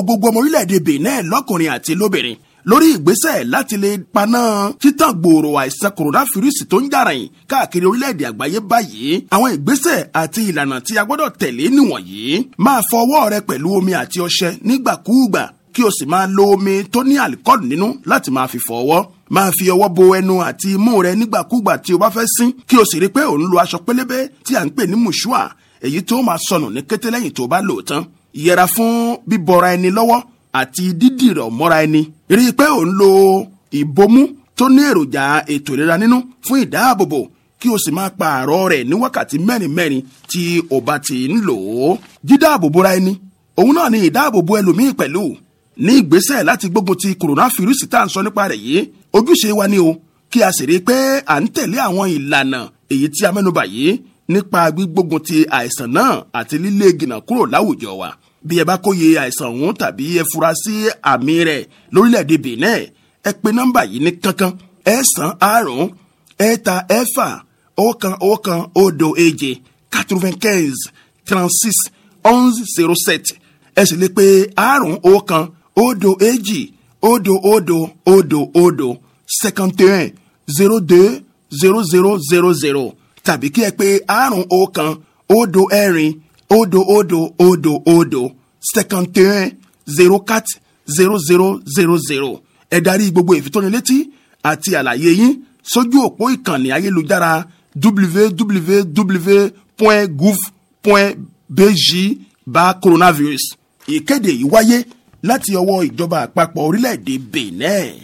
rọ gbogbo ọmọ orílẹ̀-èdè benin lọ́kùnrin àti lóbìnrin lórí ìgbésẹ̀ láti lè paná títàn gbòòrò àìsàn kòrònáfírìsì tó ń jàràyìn káàkiri orílẹ̀-èdè àgbáyé báyìí àwọn ìgbésẹ̀ àti ìlànà tí a gbọ́dọ̀ tẹ̀lé nìwọ̀nyí máa fọ ọwọ́ rẹ pẹ̀lú omi àti ọṣẹ nígbàkúùgbà kí o sì máa lo omi tó ní àlìkọ́ọ̀lù nínú láti máa fi fọ ọwọ́ máa fi ọwọ́ bo ẹnu àti imú rẹ nígbàkúùgbà tí o bá fẹ́ sín kí o sì rí pé ò ń lo aṣọ pélébé tí à ń pè ní mùṣúà èyí tó máa sọnù ní kété lẹ́yìn tó bá lò tán yẹra fún bíbọra ẹni lọ́wọ́ àti dídìrọ̀ mọ́ra ẹni rí i pé ò ń lo ìbomú tó ní èròjà ètò ìlera nínú fún ìdáàbòbò kí o sì máa pààrọ̀ rẹ̀ ní wákàtí mẹ́rin mẹ́rin tí o bá ti ń lò ó. dídáàbòbora ẹni òun náà ni ìdáàbòbò ẹlòmíì pẹ̀lú ní ìgbésẹ̀ láti gbógun ti kòrònáfírùsì tá à ń sọ nípa rẹ̀ yìí ojúṣe wa ni o kí a sì rí i pé à ń tẹ̀lé àwọn ìlànà èyí tí a mẹ́nubà yìí nípa gbígbógun ti àìsàn náà àti lílé gìnà kúrò láwùjọ wa bí ẹ bá kóye àìsàn ọ̀hún tàbí ẹ fura sí àmì rẹ̀ lórílẹ̀‐èdè Benin ẹ pe nọ́mbà yìí ní kankan ẹ̀sán àrùn ẹ̀ta ẹ̀fà ọ̀kan ọ̀kan òdo èje quatre-vingt-quinze onze zero sept ẹ sì lè pe àrùn ọ̀kan òdo èjì òdo òdo òdo òdo cinquante zero deux zero zero zero zero tàbí kí ẹ pè àrùn ọ̀kan òdo ẹ̀rin òdo òdo òdo òdo cinquante un zero quatre zero zero zero zero ẹ darí gbogbo ìfitónilétí àti àlàyé yín sójú òpó ìkànnì ayélujára www.gouv.bg bá coronavirus ìkéde yìí wáyé láti ọwọ́ ìjọba àpapọ̀ orílẹ̀-èdè Benin.